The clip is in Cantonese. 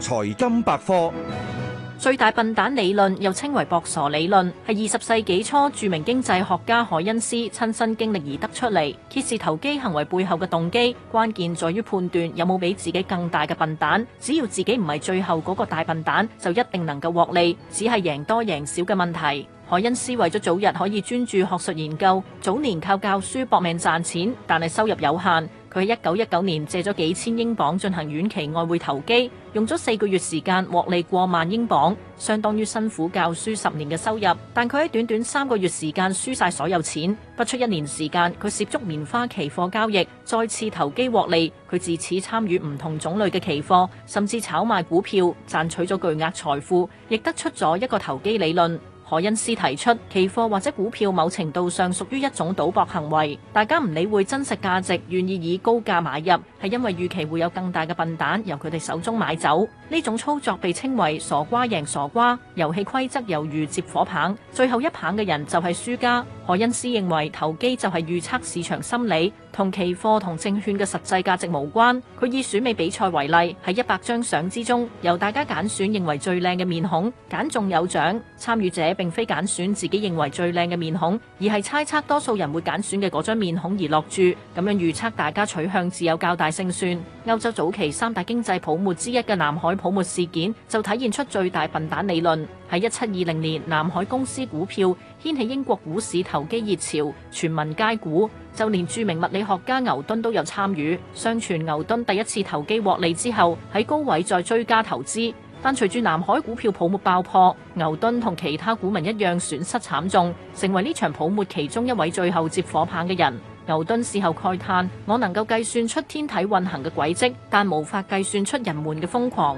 財金百科，最大笨蛋理論又稱為博傻理論，係二十世紀初著名經濟學家凱恩斯親身經歷而得出嚟，揭示投機行為背後嘅動機。關鍵在於判斷有冇比自己更大嘅笨蛋，只要自己唔係最後嗰個大笨蛋，就一定能夠獲利，只係贏多贏少嘅問題。凱恩斯為咗早日可以專注學術研究，早年靠教書搏命賺錢，但係收入有限。佢喺一九一九年借咗幾千英鎊進行遠期外匯投機，用咗四個月時間獲利過萬英鎊，相當於辛苦教書十年嘅收入。但佢喺短短三個月時間輸晒所有錢，不出一年時間，佢涉足棉花期貨交易，再次投機獲利。佢自此參與唔同種類嘅期貨，甚至炒賣股票，賺取咗巨額財富，亦得出咗一個投機理論。凱恩斯提出，期貨或者股票某程度上屬於一種賭博行為，大家唔理會真實價值，願意以高價買入，係因為預期會有更大嘅笨蛋由佢哋手中買走。呢種操作被稱為傻瓜贏傻瓜，遊戲規則猶如接火棒，最後一棒嘅人就係輸家。凱恩斯認為，投機就係預測市場心理，同期貨同證券嘅實際價值無關。佢以選美比賽為例，喺一百張相之中，由大家揀選認為最靚嘅面孔，揀中有獎，參與者。並非揀選自己認為最靚嘅面孔，而係猜測多數人會揀選嘅嗰張面孔而落注，咁樣預測大家取向自有較大勝算。歐洲早期三大經濟泡沫之一嘅南海泡沫事件，就體現出最大笨蛋理論。喺一七二零年，南海公司股票掀起英國股市投機熱潮，全民皆股，就連著名物理學家牛頓都有參與。相傳牛頓第一次投機獲利之後，喺高位再追加投資。但隨住南海股票泡沫爆破，牛頓同其他股民一樣損失慘重，成為呢場泡沫其中一位最後接火棒嘅人。牛頓事後慨嘆：我能夠計算出天體運行嘅軌跡，但無法計算出人們嘅瘋狂。